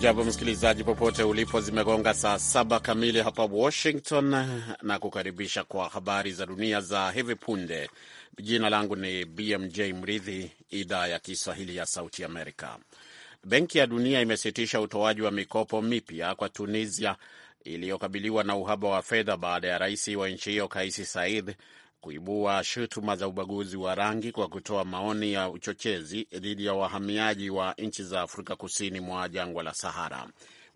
Hujambo msikilizaji, popote ulipo, zimegonga saa saba kamili hapa Washington na kukaribisha kwa habari za dunia za hivi punde. Jina langu ni BMJ Mridhi, idhaa ya Kiswahili ya Sauti Amerika. Benki ya Dunia imesitisha utoaji wa mikopo mipya kwa Tunisia iliyokabiliwa na uhaba wa fedha baada ya rais wa nchi hiyo kaisi said kuibua shutuma za ubaguzi wa rangi kwa kutoa maoni ya uchochezi dhidi ya wahamiaji wa nchi za Afrika kusini mwa jangwa la Sahara.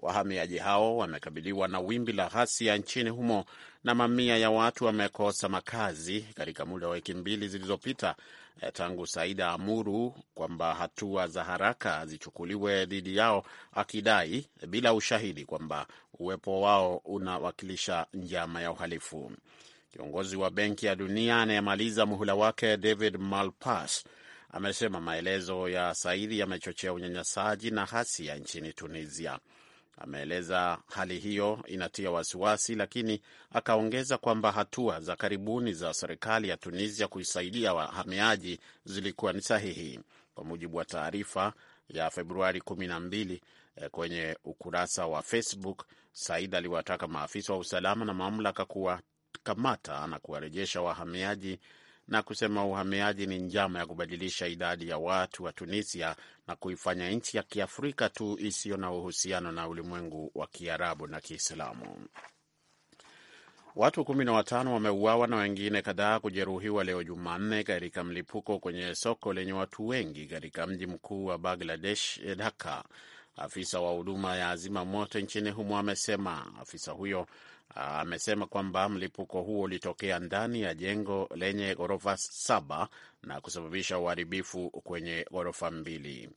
Wahamiaji hao wamekabiliwa na wimbi la ghasia nchini humo na mamia ya watu wamekosa makazi katika muda wa wiki mbili zilizopita eh, tangu Saida amuru kwamba hatua za haraka zichukuliwe dhidi yao, akidai bila ushahidi kwamba uwepo wao unawakilisha njama ya uhalifu. Kiongozi wa Benki ya Dunia anayemaliza muhula wake David Malpass amesema maelezo ya Saidi yamechochea unyanyasaji na hasia nchini Tunisia. Ameeleza hali hiyo inatia wasiwasi, lakini akaongeza kwamba hatua za karibuni za serikali ya Tunisia kuisaidia wahamiaji zilikuwa ni sahihi. Kwa mujibu wa taarifa ya Februari 12 eh, kwenye ukurasa wa Facebook, Said aliwataka maafisa wa usalama na mamlaka kuwa kuwakamata na kuwarejesha wahamiaji na kusema uhamiaji ni njama ya kubadilisha idadi ya watu wa Tunisia na kuifanya nchi ya Kiafrika tu isiyo na uhusiano na ulimwengu wa Kiarabu na Kiislamu. Watu kumi na watano wameuawa na wengine kadhaa kujeruhiwa leo Jumanne katika mlipuko kwenye soko lenye watu wengi katika mji mkuu wa Bangladesh, Dhaka. Afisa wa huduma ya azima moto nchini humo amesema. Afisa huyo Ah, amesema kwamba mlipuko huo ulitokea ndani ya jengo lenye ghorofa saba na kusababisha uharibifu kwenye ghorofa mbili.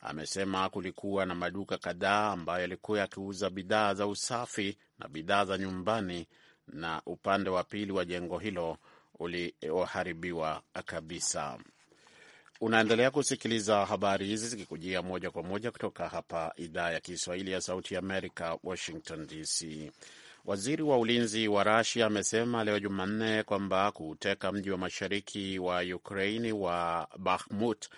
Amesema kulikuwa na maduka kadhaa ambayo yalikuwa yakiuza bidhaa za usafi na bidhaa za nyumbani, na upande wa pili wa jengo hilo ulioharibiwa kabisa. Unaendelea kusikiliza habari hizi zikikujia moja kwa moja kutoka hapa idhaa ya Kiswahili ya Sauti ya Amerika, Washington DC. Waziri wa ulinzi wa Rasia amesema leo Jumanne kwamba kuuteka mji wa mashariki wa Ukraini wa Bakhmut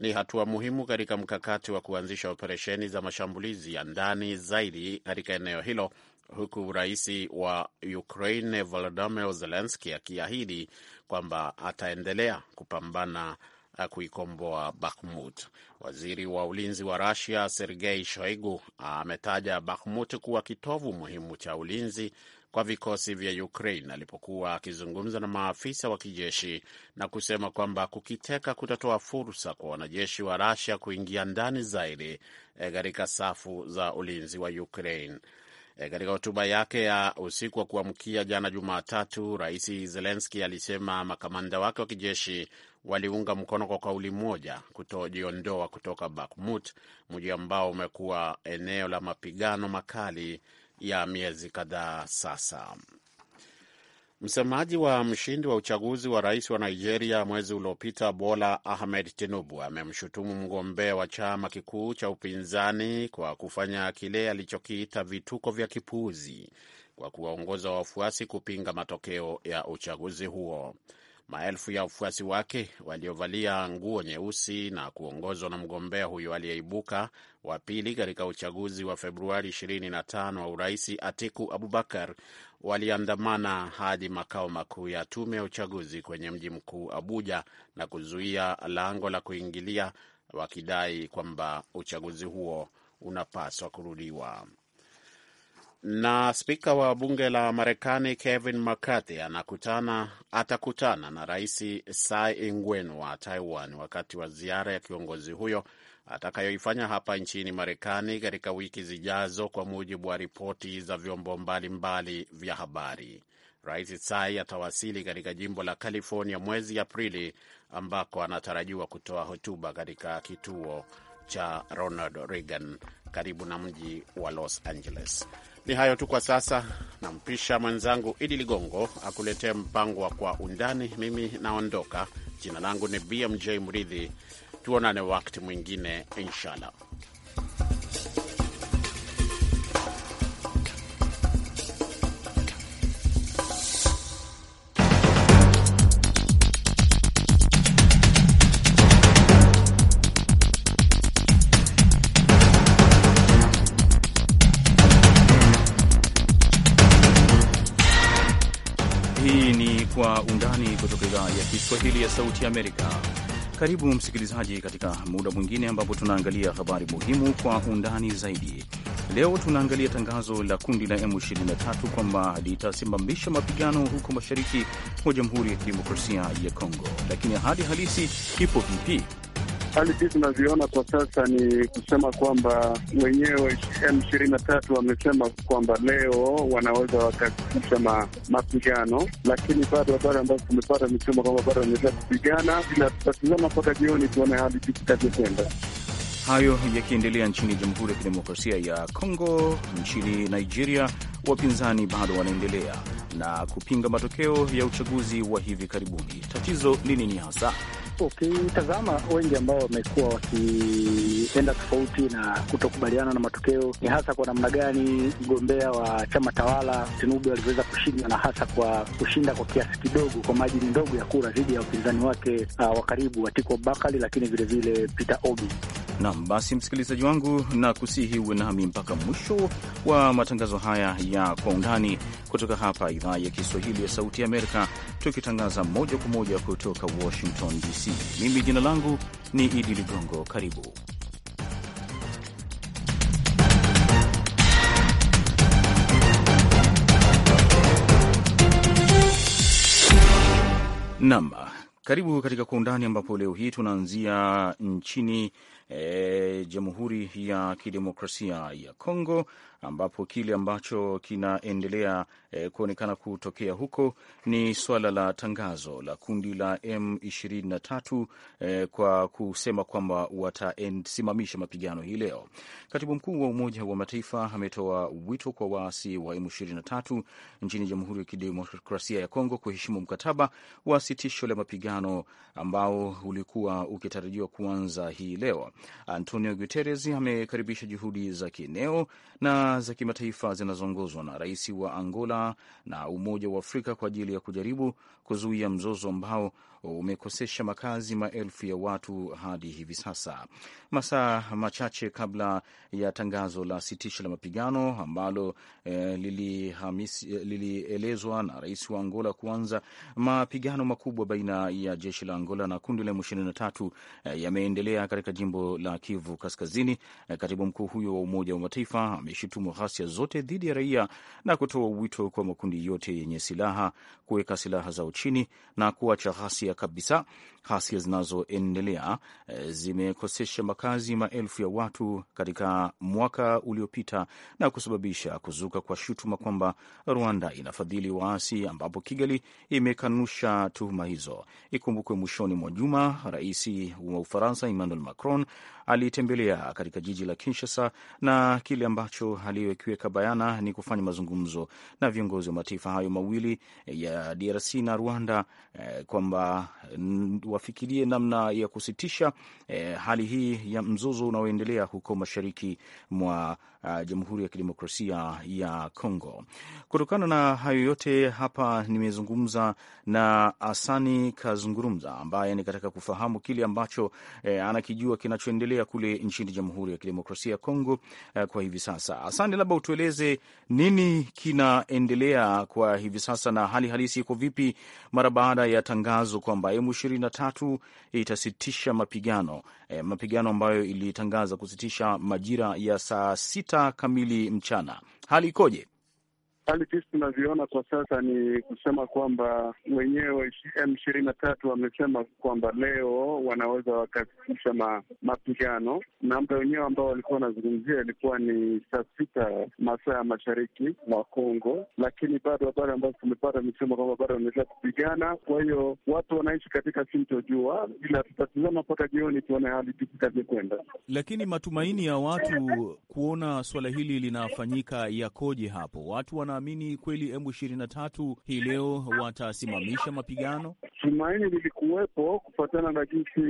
ni hatua muhimu katika mkakati wa kuanzisha operesheni za mashambulizi ya ndani zaidi katika eneo hilo, huku rais wa Ukraine Volodymyr Zelenski akiahidi kwamba ataendelea kupambana Eh, kuikomboa Bakhmut. Waziri wa ulinzi wa Rusia Sergei Shoigu ametaja Bakhmut kuwa kitovu muhimu cha ulinzi kwa vikosi vya Ukraine alipokuwa akizungumza na maafisa wa kijeshi na kusema kwamba kukiteka kutatoa fursa kwa wanajeshi wa Rusia kuingia ndani zaidi eh, katika safu za ulinzi wa Ukraine. Eh, katika hotuba yake ya usiku wa kuamkia jana Jumatatu, Rais Zelenski alisema makamanda wake wa kijeshi waliunga mkono kwa kauli moja kutojiondoa kutoka Bakhmut, mji ambao umekuwa eneo la mapigano makali ya miezi kadhaa sasa. Msemaji wa mshindi wa uchaguzi wa rais wa Nigeria mwezi uliopita Bola Ahmed Tinubu amemshutumu mgombea wa chama kikuu cha upinzani kwa kufanya kile alichokiita vituko vya kipuuzi kwa kuwaongoza wafuasi kupinga matokeo ya uchaguzi huo. Maelfu ya wafuasi wake waliovalia nguo nyeusi na kuongozwa na mgombea huyo aliyeibuka wa pili katika uchaguzi wa Februari 25 wa urais Atiku Abubakar waliandamana hadi makao makuu ya tume ya uchaguzi kwenye mji mkuu Abuja na kuzuia lango la kuingilia wakidai kwamba uchaguzi huo unapaswa kurudiwa. Na spika wa bunge la Marekani Kevin McCarthy anakutana atakutana na rais Tsai Ing-wen wa Taiwan wakati wa ziara ya kiongozi huyo atakayoifanya hapa nchini Marekani katika wiki zijazo, kwa mujibu wa ripoti za vyombo mbalimbali vya habari. Rais Tsai atawasili katika jimbo la California mwezi Aprili, ambako anatarajiwa kutoa hotuba katika kituo cha Ronald Reagan karibu na mji wa Los Angeles. Ni hayo tu kwa sasa, nampisha mwenzangu Idi Ligongo akuletee mpango wa Kwa Undani. Mimi naondoka, jina langu ni BMJ Mridhi. Tuonane wakati mwingine inshallah. Kiswahili ya Sauti Amerika. Karibu msikilizaji, katika muda mwingine ambapo tunaangalia habari muhimu kwa undani zaidi. Leo tunaangalia tangazo la kundi la M23 kwamba litasimamisha mapigano huko mashariki mwa Jamhuri ya Kidemokrasia ya Kongo, lakini hadi halisi ipo vipi? Hali hii tunavyoona kwa sasa ni kusema kwamba wenyewe M23 wamesema kwamba leo wanaweza wakasitisha mapigano, lakini bado habari ambazo tumepata ni kusema kwamba bado wanaweza kupigana, ila tutatizama mpaka jioni tuone hali itakavyokwenda. Hayo yakiendelea nchini Jamhuri ya Kidemokrasia ya Kongo. Nchini Nigeria, wapinzani bado wanaendelea na kupinga matokeo ya uchaguzi wa hivi karibuni. Tatizo ni nini hasa? Ukitazama okay, wengi ambao wamekuwa wakienda tofauti na kutokubaliana na matokeo ni hasa kwa namna gani mgombea wa chama tawala Tinubu alivyoweza kushinda na hasa kwa kushinda kwa kiasi kidogo, kwa majini ndogo ya kura dhidi ya upinzani wake uh, wa karibu Atiko Bakali, lakini vilevile Peter Obi. Nam basi, msikilizaji wangu, na kusihi uwe nami mpaka mwisho wa matangazo haya ya Kwa Undani kutoka hapa idhaa ya Kiswahili ya Sauti ya Amerika, tukitangaza moja kwa moja kutoka Washington DC. DC. Mimi jina langu ni Idi Ligongo, karibu nam, karibu katika Kwa Undani, ambapo leo hii tunaanzia nchini e, Jamhuri ya Kidemokrasia ya Kongo, ambapo kile ambacho kinaendelea e, kuonekana kutokea huko ni swala la tangazo la kundi la M23 e, kwa kusema kwamba watasimamisha mapigano hii leo. Katibu mkuu wa Umoja wa Mataifa ametoa wito kwa waasi wa M23 nchini Jamhuri ya Kidemokrasia ya Kongo kuheshimu mkataba wa sitisho la mapigano ambao ulikuwa ukitarajiwa kuanza hii leo. Antonio Guterres amekaribisha juhudi za kieneo na za kimataifa zinazoongozwa na rais wa Angola na Umoja wa Afrika kwa ajili ya kujaribu kuzuia mzozo ambao umekosesha makazi maelfu ya watu hadi hivi sasa. Masaa machache kabla ya tangazo la sitisho la mapigano ambalo eh, eh lilielezwa lili na rais wa Angola kuanza mapigano makubwa baina ya jeshi la Angola na kundi la M23 eh, yameendelea katika jimbo la Kivu Kaskazini. Eh, katibu mkuu huyo wa Umoja wa Mataifa ameshutumu ghasia zote dhidi ya raia na kutoa wito kwa makundi yote yenye silaha kuweka silaha zao chini na kuacha ghasia kabisa Ghasia zinazoendelea eh, zimekosesha makazi maelfu ya watu katika mwaka uliopita na kusababisha kuzuka kwa shutuma kwamba Rwanda inafadhili waasi, ambapo Kigali imekanusha tuhuma hizo. Ikumbukwe mwishoni mwa juma rais wa Ufaransa Emmanuel Macron alitembelea katika jiji la Kinshasa na kile ambacho aliyokiweka bayana ni kufanya mazungumzo na viongozi wa mataifa hayo mawili eh, ya DRC na Rwanda eh, kwamba mm, wafikirie namna ya kusitisha eh, hali hii ya mzozo unaoendelea huko mashariki mwa uh, Jamhuri ya Kidemokrasia ya congo Kutokana na hayo yote, hapa nimezungumza na Asani Kazungurumza ambaye nikataka kufahamu kile ambacho eh, anakijua kinachoendelea kule nchini Jamhuri ya Kidemokrasia ya Kongo eh, kwa hivi sasa. Asani, labda utueleze nini kinaendelea kwa hivi sasa na hali halisi iko vipi mara baada ya tangazo kwamba M23 Jumatatu itasitisha mapigano e, mapigano ambayo ilitangaza kusitisha majira ya saa sita kamili mchana. Hali ikoje? Hali jinsi tunavyoona kwa sasa ni kusema kwamba wenyewe M ishirini na tatu wamesema kwamba leo wanaweza wakasitisha ma, mapigano na muda wenyewe ambao walikuwa wanazungumzia ilikuwa ni saa sita masaa ya mashariki mwa Kongo, lakini bado habari ambazo tumepata amesema kwamba bado wanaendelea kupigana. Kwa hiyo watu wanaishi katika sintojua, ila tutatizama mpaka jioni tuone hali itavyokwenda, Lakini matumaini ya watu kuona suala hili linafanyika yakoje hapo watu wana wanaamini kweli M23 hii leo watasimamisha mapigano? Tumaini lilikuwepo kufuatana na jinsi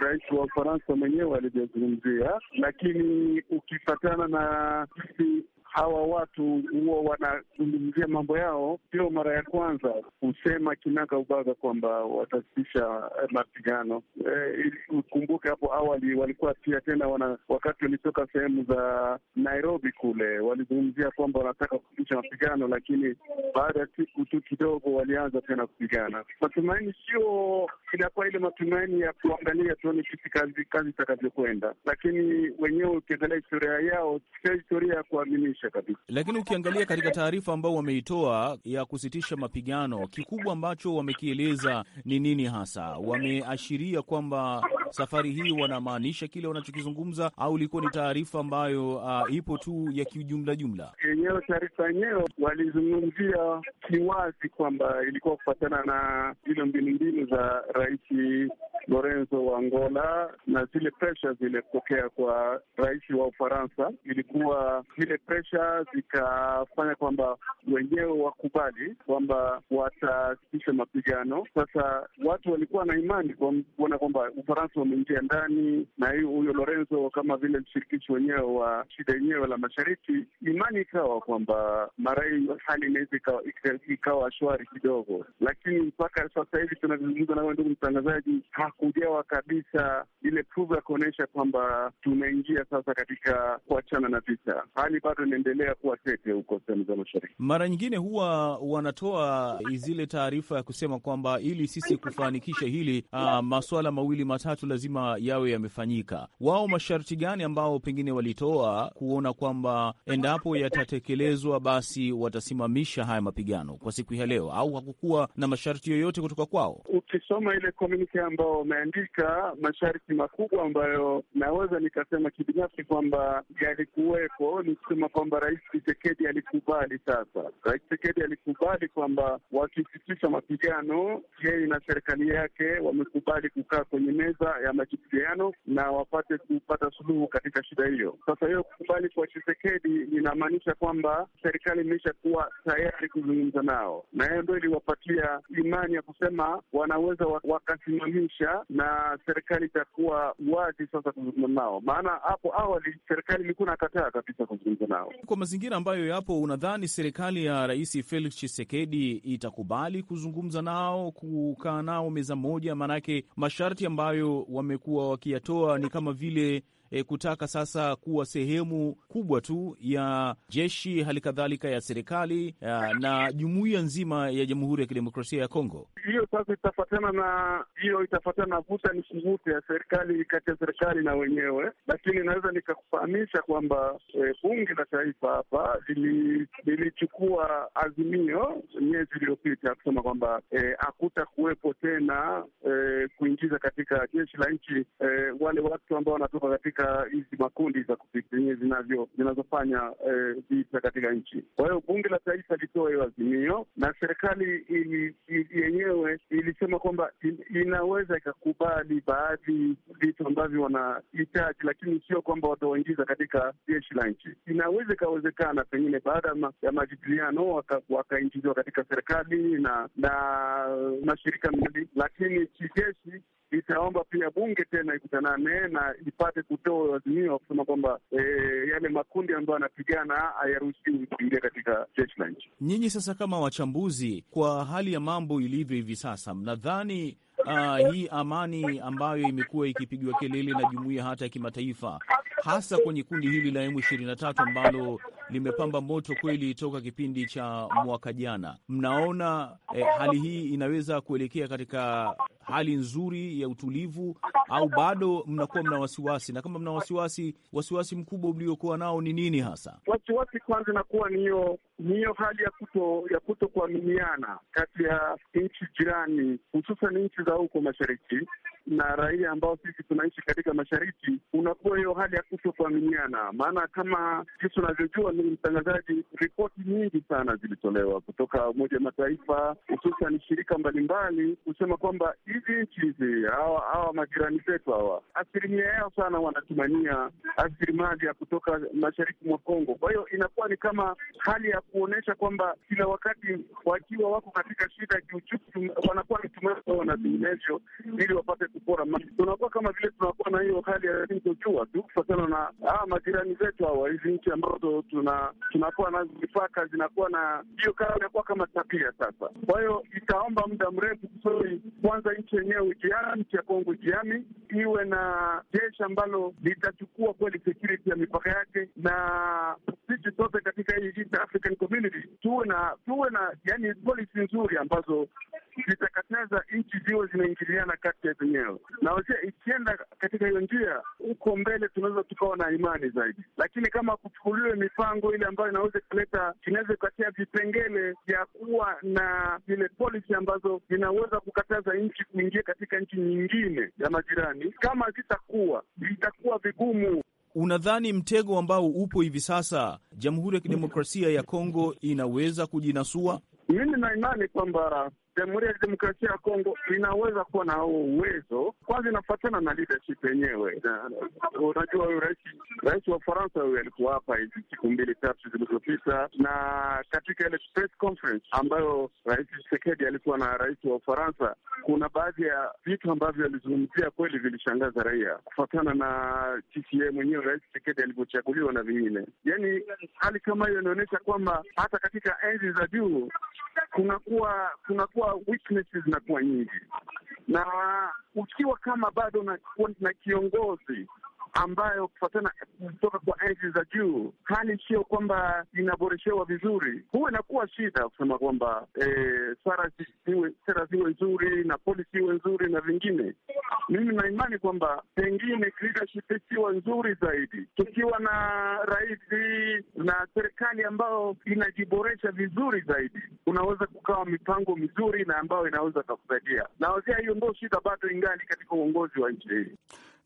rais wa Ufaransa mwenyewe alivyozungumzia, lakini ukifatana na jinsi hawa watu huwa wanazungumzia mambo yao, sio mara ya kwanza kusema kinaga ubaga kwamba watasitisha eh, mapigano. Eh, ukumbuke hapo awali walikuwa pia tena wana, wakati walitoka sehemu za Nairobi kule walizungumzia kwamba wanataka kusitisha mapigano, lakini baada ya siku tu kidogo walianza tena kupigana. Matumaini sio inakuwa ile matumaini ya kuangalia tuone kipi kazi kazi itakavyokwenda, lakini wenyewe ukiangalia historia yao sio historia ya kuaminisha kusitisha kabisa. Lakini ukiangalia katika taarifa ambayo wameitoa ya kusitisha mapigano, kikubwa ambacho wamekieleza ni nini hasa? Wameashiria kwamba safari hii wanamaanisha kile wanachokizungumza, au ilikuwa ni taarifa ambayo uh, ipo tu ya kiujumla jumla? Yenyewe taarifa yenyewe walizungumzia kiwazi kwamba ilikuwa kufatana na zile mbinu za rais Lorenzo wa Angola na zile presha zilipokea kwa rais wa Ufaransa, ilikuwa zile presha zikajumuisha zikafanya kwamba wenyewe wakubali kwamba watasitisha mapigano. Sasa watu walikuwa na imani kuona kwamba Ufaransa wameingia ndani na huyo Lorenzo kama vile mshirikishi wenyewe wa shida yenyewe la mashariki, imani ikawa kwamba mara hii hali inaweza ikawa shwari kidogo, lakini mpaka sasa hivi tunavyozungumza nawe, ndugu mtangazaji, hakujawa kabisa ile pruvu ya kuonyesha kwamba tunaingia sasa katika kuachana na vita. Hali bado ni zinaendelea kuwa tete huko sehemu za mashariki. Mara nyingine huwa wanatoa zile taarifa ya kusema kwamba ili sisi kufanikisha hili, uh, maswala mawili matatu lazima yawe yamefanyika. Wao masharti gani ambao pengine walitoa kuona kwamba endapo yatatekelezwa basi watasimamisha haya mapigano kwa siku ya leo, au hakukuwa na masharti yoyote kutoka kwao? Ukisoma ile komunike ambao wameandika, masharti makubwa ambayo naweza nikasema kibinafsi kwamba yalikuwepo ni kusema kwamba kwamba Rais chisekedi alikubali. Sasa Rais chisekedi alikubali kwamba wakisitisha mapigano, yeye na serikali yake wamekubali kukaa kwenye meza ya majadiliano na wapate kupata suluhu katika shida hiyo. Sasa hiyo kukubali kwa chisekedi linamaanisha kwamba serikali imeisha kuwa tayari kuzungumza nao, na hiyo ndio iliwapatia imani ya kusema wanaweza wakasimamisha na serikali itakuwa wazi sasa kuzungumza nao, maana hapo awali serikali ilikuwa kataa kabisa kuzungumza nao. Kwa mazingira ambayo yapo, unadhani serikali ya Rais Felix Tshisekedi itakubali kuzungumza nao, kukaa nao meza moja? Maanake masharti ambayo wamekuwa wakiyatoa ni kama vile e, kutaka sasa kuwa sehemu kubwa tu ya jeshi, hali kadhalika ya serikali e, na jumuiya nzima ya Jamhuri ya Kidemokrasia ya Kongo. Hiyo sasa itafatana na hiyo itafatana na vuta ni kuvute ya serikali kati ya serikali na wenyewe, lakini naweza nikakufahamisha kwamba e, bunge la taifa hapa lilichukua azimio miezi iliyopita kusema kwamba hakuta e, kuwepo tena e, kuingiza katika jeshi la nchi e, wale watu ambao wanatoka katika katika hizi makundi za kupigania zinavyo zinazofanya vita eh, vita katika nchi. Kwa hiyo bunge la taifa litoa azimio na serikali ili, ili, yenyewe ilisema kwamba in, inaweza ikakubali baadhi vitu ambavyo wanahitaji, lakini sio kwamba watawaingiza katika jeshi la nchi. Inaweza ikawezekana pengine baada ma, ya majadiliano wakaingizwa waka katika serikali na na mashirika mbili lakini kijeshi itaomba pia bunge tena ikutanane na ipate kutoa wa kusema kwamba e, yale makundi ambayo yanapigana hayaruhusiwi kuingia katika jeshi la nchi. Nyinyi sasa, kama wachambuzi, kwa hali ya mambo ilivyo hivi sasa, mnadhani uh, hii amani ambayo imekuwa ikipigiwa kelele na jumuiya hata ya kimataifa, hasa kwenye kundi hili la emu ishirini na tatu ambalo limepamba moto kweli toka kipindi cha mwaka jana, mnaona eh, hali hii inaweza kuelekea katika hali nzuri ya utulivu, au bado mnakuwa mna wasiwasi? Na kama mna wasiwasi, wasiwasi mkubwa mliokuwa nao ni nini hasa? Wasiwasi kwanza inakuwa ni hiyo ni hiyo hali ya kuto ya kutokuaminiana kati ya nchi jirani, hususan nchi za huko mashariki na raia ambao sisi tunaishi katika mashariki, unakuwa hiyo hali ya kutokuaminiana. Maana kama sisi tunavyojua, ni mtangazaji, ripoti nyingi sana zilitolewa kutoka Umoja wa Mataifa, hususan shirika mbalimbali kusema kwamba hizi nchi hizi, hawa majirani zetu hawa, asilimia yao sana wanatumania rasilimali ya kutoka mashariki mwa Kongo. Kwa hiyo inakuwa ni kama hali ya kuonyesha kwamba kila wakati wakiwa wako katika shida ya kiuchumi, wanakuwa ni tumeo ili wapate kupora mali, tunakuwa kama vile tunakuwa na hiyo hali ya sintojua tu kufatana na aa ah, majirani zetu hawa, hizi nchi ambazo tuna tunakuwa nazo mipaka zinakuwa na hiyo kaa, inakuwa kama tapia sasa. Kwa hiyo itaomba muda mrefu kusoi, kwanza nchi yenyewe ijiami, nchi ya Kongo jiani iwe na jeshi ambalo litachukua kweli security ya mipaka yake, na sisi sote katika hii African Community tuwe na tuwe na yani policy nzuri ambazo zitakataza nchi ziwe zinaingiliana kati ya zenyewe maendeleo, na ikienda katika hiyo njia, huko mbele tunaweza tukawa na imani zaidi, lakini kama kuchukuliwe mipango ile ambayo inaweza ikaleta, inaweza ikatia vipengele vya kuwa na zile polisi ambazo zinaweza kukataza nchi kuingia katika nchi nyingine ya majirani, kama zitakuwa vitakuwa vigumu. Unadhani mtego ambao upo hivi sasa, Jamhuri ya Kidemokrasia ya Kongo inaweza kujinasua? Mimi na imani kwamba Jamhuri ya Kidemokrasia ya Kongo inaweza kuwa na uwezo kwanza, inafatana na leadership yenyewe. Unajua, huyu rais rais wa Faransa huyu alikuwa hapa hizi siku mbili tatu zilizopita, na katika ile press conference ambayo rais Tshisekedi alikuwa na rais wa Ufaransa, kuna baadhi ya vitu ambavyo alizungumzia kweli vilishangaza raia, kufatana na jinsi yeye mwenyewe rais Tshisekedi alivyochaguliwa na vingine. Yani hali kama hiyo inaonyesha kwamba hata katika enzi za juu kunakuwa kunakuwa inakuwa weaknesses zinakuwa nyingi, na ukiwa kama bado na, na kiongozi ambayo kufuatana kutoka kwa enzi za juu, hali sio kwamba inaboreshewa vizuri, huwa inakuwa shida kusema kwamba e, sera ziwe nzuri na polisi iwe nzuri na vingine. Mimi naimani kwamba pengine leadership ikiwa nzuri zaidi, tukiwa na rais na serikali ambayo inajiboresha vizuri zaidi, unaweza kukawa mipango mizuri na ambayo inaweza kakusaidia, na wazia hiyo ndo shida bado ingali katika uongozi wa nchi hii.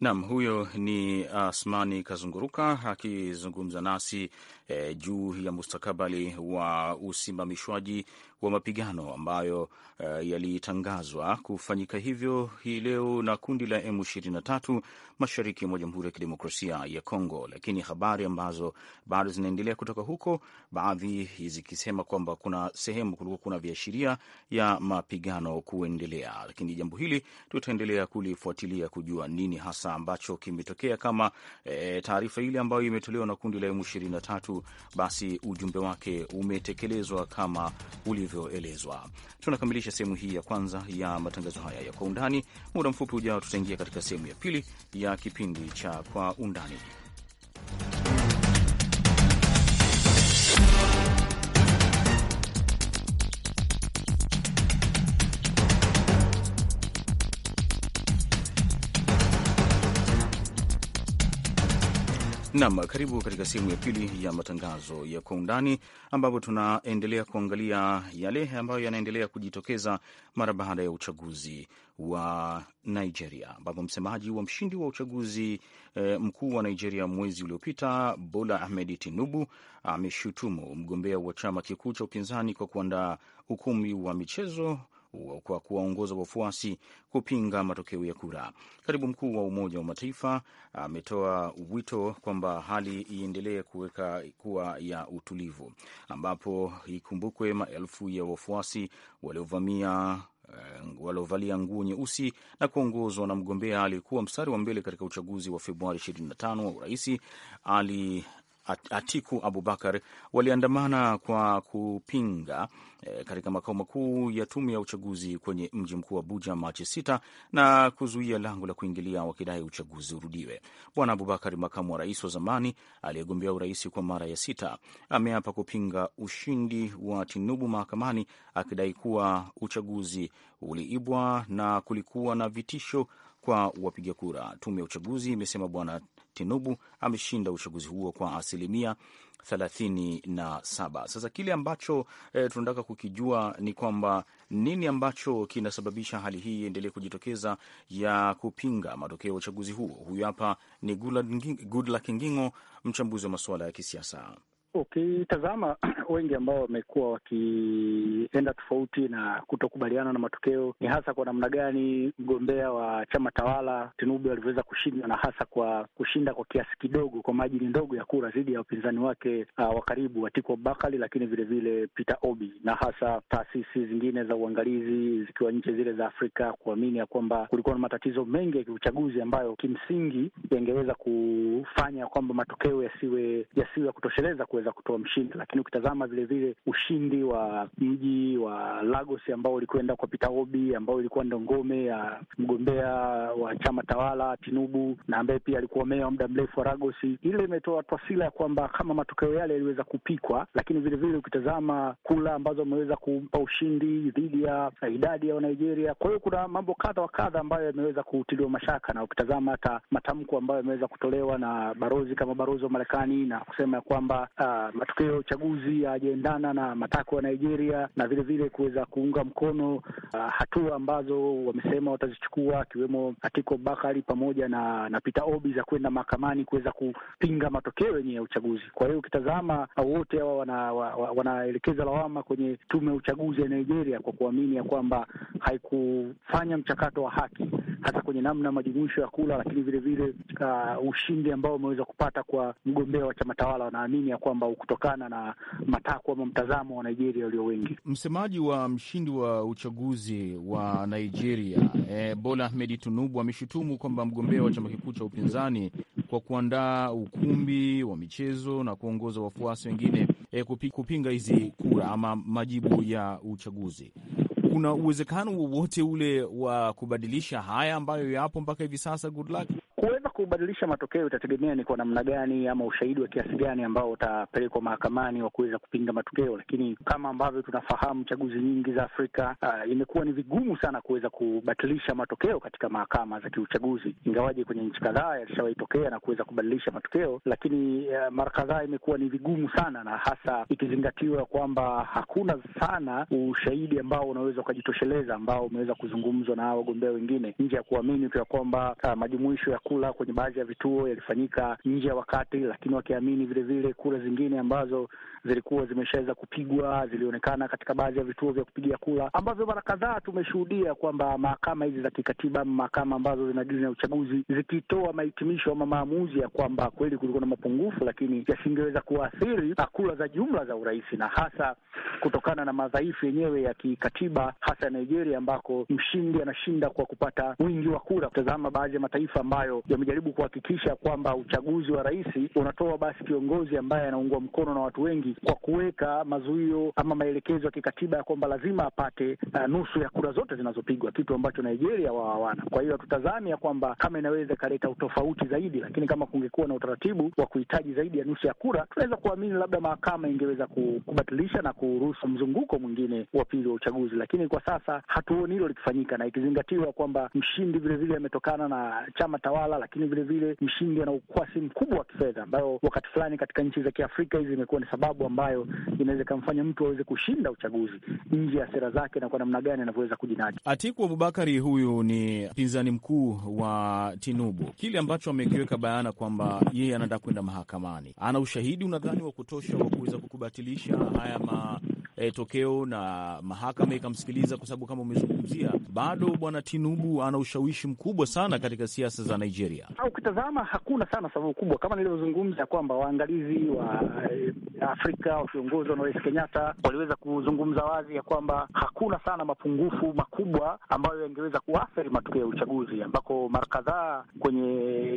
Nam, huyo ni uh, Asmani Kazunguruka akizungumza nasi e, juu ya mustakabali wa usimamishwaji wa mapigano ambayo e, yalitangazwa kufanyika hivyo hii leo na kundi la M23 mashariki mwa Jamhuri ya Kidemokrasia ya Kongo, lakini habari ambazo bado zinaendelea kutoka huko, baadhi zikisema kwamba kuna sehemu kulikuwa kuna viashiria ya mapigano kuendelea, lakini jambo hili tutaendelea kulifuatilia kujua nini hasa ambacho kimetokea kama e, taarifa ile ambayo imetolewa na kundi la M23, basi ujumbe wake umetekelezwa kama ulivyoelezwa. Tunakamilisha sehemu hii ya kwanza ya matangazo haya ya kwa undani. Muda mfupi ujao, tutaingia katika sehemu ya pili ya kipindi cha kwa undani. Nam, karibu katika sehemu ya pili ya matangazo ya kwa undani, ambapo tunaendelea kuangalia yale ambayo yanaendelea kujitokeza mara baada ya uchaguzi wa Nigeria, ambapo msemaji wa mshindi wa uchaguzi e, mkuu wa Nigeria mwezi uliopita Bola Ahmed Tinubu ameshutumu mgombea wa chama kikuu cha upinzani kwa kuandaa ukumbi wa michezo kwa kuwaongoza wafuasi kupinga matokeo ya kura. Katibu mkuu wa Umoja wa Mataifa ametoa wito kwamba hali iendelee kuweka kuwa ya utulivu, ambapo ikumbukwe maelfu ya wafuasi waliovamia eh, waliovalia nguo nyeusi na kuongozwa na mgombea aliyekuwa mstari wa mbele katika uchaguzi wa Februari 25 wa urais Ali Atiku Abubakar waliandamana kwa kupinga e, katika makao makuu ya tume ya uchaguzi kwenye mji mkuu Abuja Machi sita na kuzuia lango la kuingilia wakidai uchaguzi urudiwe. Bwana Abubakar, makamu wa rais wa zamani aliyegombea urais kwa mara ya sita, ameapa kupinga ushindi wa Tinubu mahakamani akidai kuwa uchaguzi uliibwa na kulikuwa na vitisho kwa wapiga kura. Tume ya uchaguzi imesema bwana Tinubu ameshinda uchaguzi huo kwa asilimia 37. Sasa kile ambacho e, tunataka kukijua ni kwamba nini ambacho kinasababisha hali hii iendelee kujitokeza ya kupinga matokeo ya uchaguzi huo. Huyu hapa ni Goodluck Ngingo, mchambuzi wa masuala ya kisiasa. Ukitazama wengi ambao wamekuwa wakienda tofauti na kutokubaliana na matokeo ni hasa kwa namna gani mgombea wa chama tawala Tinubu alivyoweza kushindwa na hasa kwa kushinda kwa kiasi kidogo, kwa maajili ndogo ya kura dhidi ya upinzani wake uh, wa karibu Atiku Abubakar, lakini vilevile Peter Obi na hasa taasisi zingine za uangalizi zikiwa nchi zile za Afrika kuamini ya kwamba kulikuwa na matatizo mengi ya kiuchaguzi ambayo kimsingi yangeweza kufanya kwamba matokeo yasiwe yasiwe ya kutosheleza kwe kuweza kutoa mshindi, lakini ukitazama vilevile ushindi wa mji wa Lagos ambao ulikwenda kwa Peter Obi, ambao ilikuwa ndo ngome ya mgombea wa chama tawala Tinubu, na ambaye pia alikuwa meya wa muda mrefu wa Lagos, ile imetoa taswira ya kwamba kama matokeo yale yaliweza kupikwa, lakini vilevile ukitazama kula ambazo wameweza kumpa ushindi dhidi ya idadi ya Wanigeria. Kwa hiyo kuna mambo kadha wa kadha ambayo yameweza kutiliwa mashaka, na ukitazama hata matamko ambayo yameweza kutolewa na barozi kama barozi wa Marekani na kusema ya kwamba uh, matokeo ya uchaguzi yajaendana na matakwa ya Nigeria na vilevile kuweza kuunga mkono uh, hatua ambazo wamesema watazichukua akiwemo Atiko Bakari pamoja na, na Peter Obi za kwenda mahakamani kuweza kupinga matokeo yenye ya uchaguzi. Kwa hiyo ukitazama uh, wote hawa wanaelekeza wana lawama kwenye tume ya uchaguzi ya Nigeria kwa kuamini ya kwamba haikufanya mchakato wa haki hasa kwenye namna majumuisho ya kula, lakini vilevile uh, ushindi ambao umeweza kupata kwa mgombea wa chama tawala. Wanaamini ya kwamba kutokana na matakwa ama mtazamo wa Nigeria walio wengi. Msemaji wa mshindi wa uchaguzi wa Nigeria eh, Bola Ahmed Tinubu ameshutumu kwamba mgombea wa chama kikuu cha upinzani kwa kuandaa ukumbi wa michezo na kuongoza wafuasi wengine eh, kupinga hizi kura ama majibu ya uchaguzi kuna uwezekano wowote ule wa kubadilisha haya ambayo yapo mpaka hivi sasa, Good Luck? kuweza kubadilisha matokeo itategemea ni kwa namna gani ama ushahidi wa kiasi gani ambao utapelekwa mahakamani wa kuweza kupinga matokeo, lakini kama ambavyo tunafahamu chaguzi nyingi za Afrika uh, imekuwa ni vigumu sana kuweza kubatilisha matokeo katika mahakama za kiuchaguzi, ingawaje kwenye nchi kadhaa yalishawahi tokea na kuweza kubadilisha matokeo, lakini uh, mara kadhaa imekuwa ni vigumu sana, na hasa ikizingatiwa kwamba hakuna sana ushahidi ambao unaweza ukajitosheleza ambao umeweza kuzungumzwa na wagombea wengine nje ya kuamini tu ya kwamba uh, majumuisho ya kura kwenye baadhi ya vituo yalifanyika nje ya wakati, lakini wakiamini vilevile kura zingine ambazo zilikuwa zimeshaweza kupigwa, zilionekana katika baadhi ya vituo vya kupigia kura, ambavyo mara kadhaa tumeshuhudia kwamba mahakama hizi za kikatiba ama mahakama ambazo zinadili na uchaguzi zikitoa mahitimisho ama maamuzi ya kwamba kweli kulikuwa na mapungufu, lakini yasingeweza kuathiri ah, kura za jumla za urais, na hasa kutokana na madhaifu yenyewe ya kikatiba, hasa Nigeria ambako mshindi anashinda kwa kupata wingi wa kura. Kutazama baadhi ya mataifa ambayo yamejaribu kuhakikisha kwamba uchaguzi wa rais unatoa basi kiongozi ambaye anaungwa mkono na watu wengi kwa kuweka mazuio ama maelekezo ya kikatiba ya kwamba lazima apate uh, nusu ya kura zote zinazopigwa, kitu ambacho Nigeria wao hawana. Kwa hiyo hatutazami ya kwamba kama inaweza ikaleta utofauti zaidi, lakini kama kungekuwa na utaratibu wa kuhitaji zaidi ya nusu ya kura, tunaweza kuamini labda mahakama ingeweza kubatilisha na kuruhusu mzunguko mwingine wa pili wa uchaguzi, lakini kwa sasa hatuoni hilo likifanyika, na ikizingatiwa kwamba mshindi vilevile ametokana na chama tawala, lakini vilevile mshindi ana ukwasi mkubwa wa kifedha, ambayo wakati fulani katika nchi za Kiafrika hizi imekuwa ni sababu sababu ambayo inaweza ikamfanya mtu aweze kushinda uchaguzi nje ya sera zake na kwa namna gani anavyoweza kujinadi. Atiku Abubakari huyu ni mpinzani mkuu wa Tinubu, kile ambacho amekiweka bayana kwamba yeye anataka kwenda mahakamani, ana ushahidi unadhani wa kutosha wa kuweza kukubatilisha haya ma e, tokeo na mahakama ikamsikiliza, kwa sababu kama umezungumzia, bado bwana Tinubu ana ushawishi mkubwa sana katika siasa za Nigeria. Ukitazama hakuna sana sababu kubwa, kama nilivyozungumza kwamba waangalizi wa eh, Afrika wakiongozwa na Rais Kenyatta waliweza kuzungumza wazi ya kwamba hakuna sana mapungufu makubwa ambayo yangeweza kuathiri matokeo ya uchaguzi, ambako mara kadhaa kwenye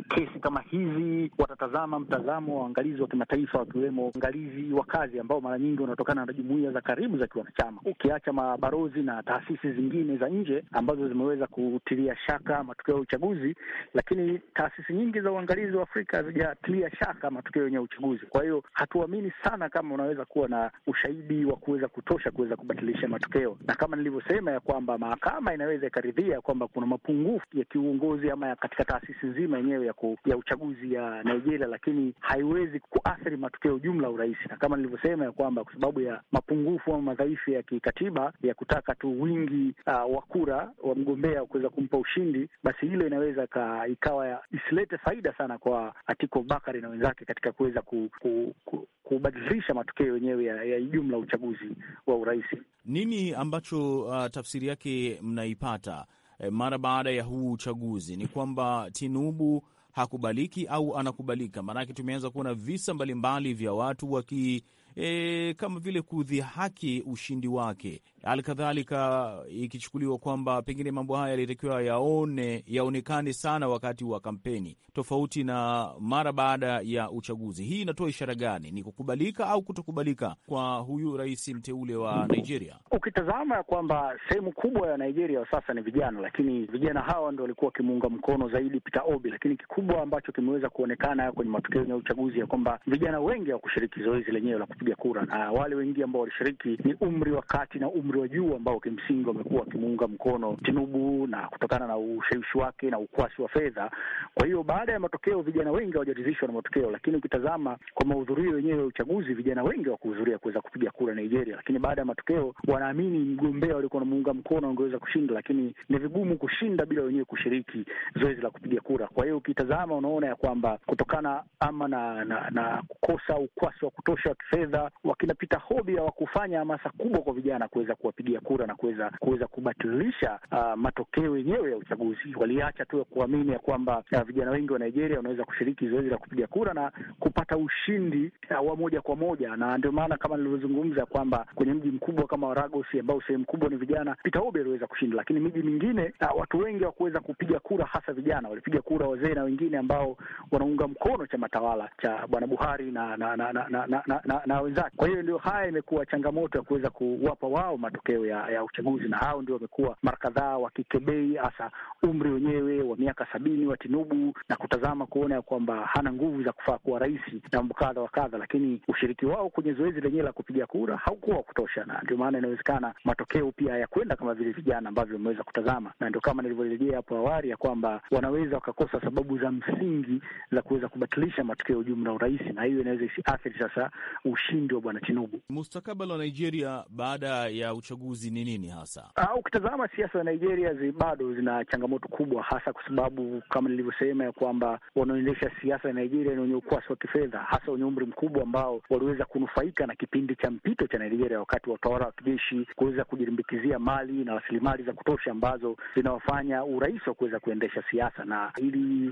kesi kama hizi watatazama mtazamo wa waangalizi wa kimataifa, wakiwemo waangalizi wa kazi ambao mara nyingi wanatokana na jumuia za karibu za kiwanachama, ukiacha mabarozi na taasisi zingine za nje ambazo zimeweza kutilia shaka matokeo ya uchaguzi, lakini taasisi nyingi za uangalizi wa Afrika hazijatilia shaka matokeo yenye uchaguzi. Kwa hiyo hatuamini sana kama unaweza kuwa na ushahidi wa kuweza kutosha kuweza kubatilisha matokeo, na kama nilivyosema ya kwamba mahakama inaweza ikaridhia kwamba kuna mapungufu ya kiuongozi ama ya katika taasisi nzima yenyewe ya, ya uchaguzi ya Nigeria, lakini haiwezi kuathiri matokeo jumla urahisi, na kama nilivyosema ya kwamba kwa sababu ya mapungufu maarufu ama madhaifu ya kikatiba ya kutaka tu wingi uh, wa kura wa mgombea kuweza kumpa ushindi, basi hilo inaweza ka, ikawa isilete faida sana kwa atiko Bakari na wenzake katika kuweza ku, ku, ku, kubadilisha matokeo yenyewe ya, ya jumla uchaguzi wa urais. Nini ambacho uh, tafsiri yake mnaipata eh, mara baada ya huu uchaguzi ni kwamba Tinubu hakubaliki au anakubalika? Maanake tumeanza kuona visa mbalimbali mbali vya watu waki e, kama vile kudhihaki ushindi wake, hali kadhalika ikichukuliwa kwamba pengine mambo haya yalitakiwa yaone yaonekane sana wakati wa kampeni, tofauti na mara baada ya uchaguzi. Hii inatoa ishara gani? Ni kukubalika au kutokubalika kwa huyu rais mteule wa Nigeria? Ukitazama ya kwamba sehemu kubwa ya Nigeria sasa ni vijana, lakini vijana hawa ndio walikuwa wakimuunga mkono zaidi Peter Obi, lakini kikubwa ambacho kimeweza kuonekana kwenye matokeo ya uchaguzi ya kwamba vijana wengi hawakushiriki zoezi lenyewe la kupiga kura, na wale wengi ambao walishiriki ni umri wa kati na umri wa juu ambao kimsingi wamekuwa wakimuunga mkono Tinubu, na kutokana na ushawishi wake na ukwasi wa fedha. Kwa hiyo baada ya matokeo, vijana wengi hawajaridhishwa na matokeo, lakini ukitazama kwa mahudhurio yenyewe ya uchaguzi, vijana wengi wakuhudhuria kuweza kupiga kura Nigeria, lakini baada ya matokeo wanaamini mgombea walikuwa wanamuunga mkono wangeweza kushinda, lakini ni vigumu kushinda bila wenyewe kushiriki zoezi la kupiga kura. Kwa hiyo ukitazama unaona ya kwamba kutokana ama na, na, na kukosa ukwasi wa kutosha wa kifedha kwanza wakinapita hobia wa kufanya hamasa kubwa kwa vijana kuweza kuwapigia kura na kuweza kuweza kubatilisha uh, matokeo yenyewe ya uchaguzi. Waliacha tu ya kuamini ya kwamba uh, vijana wengi wa Nigeria wanaweza kushiriki zoezi la kupiga kura na kupata ushindi uh, wa moja kwa moja, na ndio maana kama nilivyozungumza kwamba kwenye mji mkubwa kama Lagos ambao sehemu kubwa ni vijana, Peter Obi aliweza kushinda, lakini miji mingine uh, watu wengi hawakuweza kupiga kura, hasa vijana walipiga kura wazee na wengine ambao wanaunga mkono chama tawala cha Bwana Buhari na na na na, na, na, na, na wenzake. Kwa hiyo ndio haya imekuwa changamoto ya kuweza kuwapa wao matokeo ya, ya uchaguzi, na hao ndio wamekuwa mara kadhaa wakikebei hasa umri wenyewe wa miaka sabini wa Tinubu na kutazama kuona ya kwamba hana nguvu za kufaa kuwa rais na mambo kadha wa kadha, lakini ushiriki wao kwenye zoezi lenyewe la kupiga kura haukuwa wa kutosha, na ndio maana inawezekana matokeo pia hayakwenda kama vile vijana ambavyo wameweza kutazama, na ndio kama nilivyorejea hapo awali ya kwamba wanaweza wakakosa sababu za msingi za kuweza kubatilisha matokeo jumla urais, na hiyo inaweza isiathiri sasa ush wa bwana Tinubu. Mustakabali wa Nigeria baada ya uchaguzi ni nini hasa? Uh, ukitazama siasa za Nigeria zi bado zina changamoto kubwa, hasa kwa sababu kama nilivyosema ya kwamba wanaoendesha siasa ya Nigeria ni wenye ukwasi wa kifedha, hasa wenye umri mkubwa ambao waliweza kunufaika na kipindi cha mpito cha Nigeria wakati wa utawala wa kijeshi kuweza kujirimbikizia mali na rasilimali za kutosha ambazo zinawafanya urahisi wa kuweza kuendesha siasa, na ili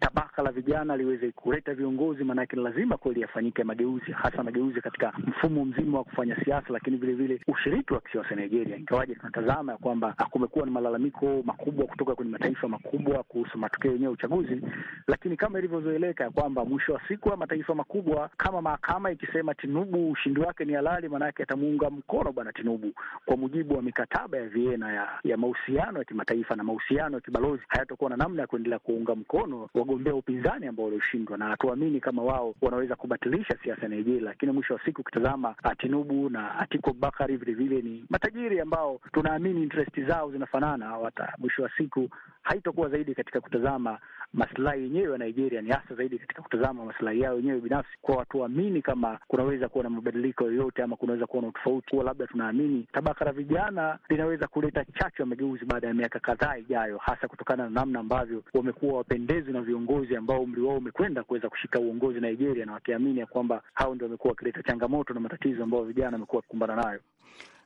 tabaka la vijana liweze kuleta viongozi, maanake ni lazima kweli yafanyike mageuzi, hasa mageuzi mageuzi katika mfumo mzima wa kufanya siasa, lakini vilevile ushiriki wa kisiasa Nigeria. Ingawaje tunatazama ya kwamba kumekuwa ni malalamiko makubwa kutoka kwenye mataifa makubwa kuhusu matokeo yenyewe ya uchaguzi, lakini kama ilivyozoeleka ya kwamba mwisho wa siku ya mataifa makubwa, kama mahakama ikisema Tinubu ushindi wake ni halali, maanake atamuunga mkono bwana Tinubu kwa mujibu wa mikataba ya Vienna ya, ya mahusiano ya kimataifa na mahusiano ya kibalozi, hayatakuwa na namna ya kuendelea kuunga mkono wagombea upinzani ambao walioshindwa, na hatuamini kama wao wanaweza kubatilisha siasa ya Nigeria, lakini mwisho wa siku ukitazama Tinubu na Atiku Abubakari vilevile ni matajiri ambao tunaamini interesti zao zinafanana. Wata mwisho wa siku haitokuwa zaidi katika kutazama maslahi yenyewe ya Nigeria, ni hasa zaidi katika kutazama maslahi yao yenyewe binafsi, kwa watuamini kama kunaweza kuwa na mabadiliko yoyote ama kunaweza kuwa na utofauti, kuwa labda tunaamini tabaka la vijana linaweza kuleta chachu ya mageuzi baada ya miaka kadhaa ijayo, hasa kutokana na namna ambavyo wamekuwa wapendezi na viongozi ambao umri wao umekwenda kuweza kushika uongozi Nigeria, na wakiamini ya kwamba hao ndio wamekuwa wakileta changamoto na matatizo ambayo vijana wamekuwa wakikumbana nayo.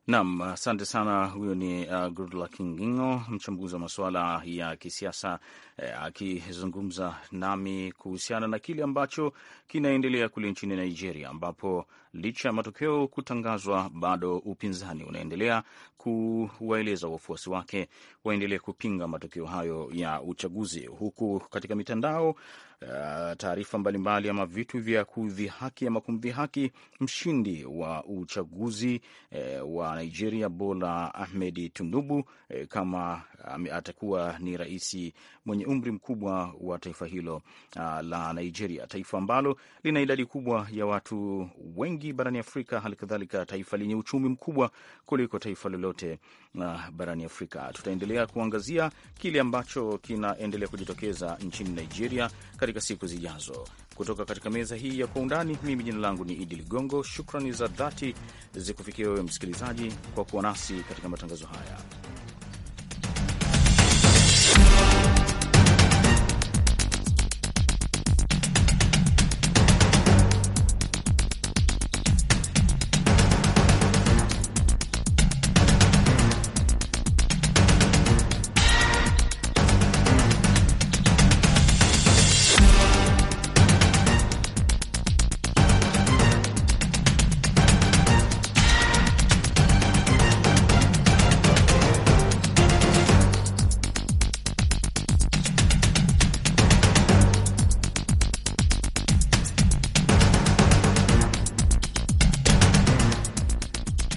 Naam, asante sana. Huyo ni uh, Goodluck Ngingo, mchambuzi wa masuala ya kisiasa eh, akizungumza nami kuhusiana na kile ambacho kinaendelea kule nchini Nigeria, ambapo Licha ya matokeo kutangazwa, bado upinzani unaendelea kuwaeleza wafuasi wake waendelee kupinga matokeo hayo ya uchaguzi, huku katika mitandao uh, taarifa mbalimbali ama vitu vya kudhihaki ama kumdhihaki mshindi wa uchaguzi uh, wa Nigeria Bola Ahmed Tinubu uh, kama atakuwa ni rais mwenye umri mkubwa wa taifa hilo ah, la Nigeria, taifa ambalo lina idadi kubwa ya watu wengi barani Afrika, hali kadhalika taifa lenye uchumi mkubwa kuliko taifa lolote ah, barani Afrika. Tutaendelea kuangazia kile ambacho kinaendelea kujitokeza nchini Nigeria katika siku zijazo. Kutoka katika meza hii ya Kwa Undani, mimi jina langu ni Idi Ligongo. Shukrani za dhati zikufikia wewe msikilizaji kwa kuwa nasi katika matangazo haya.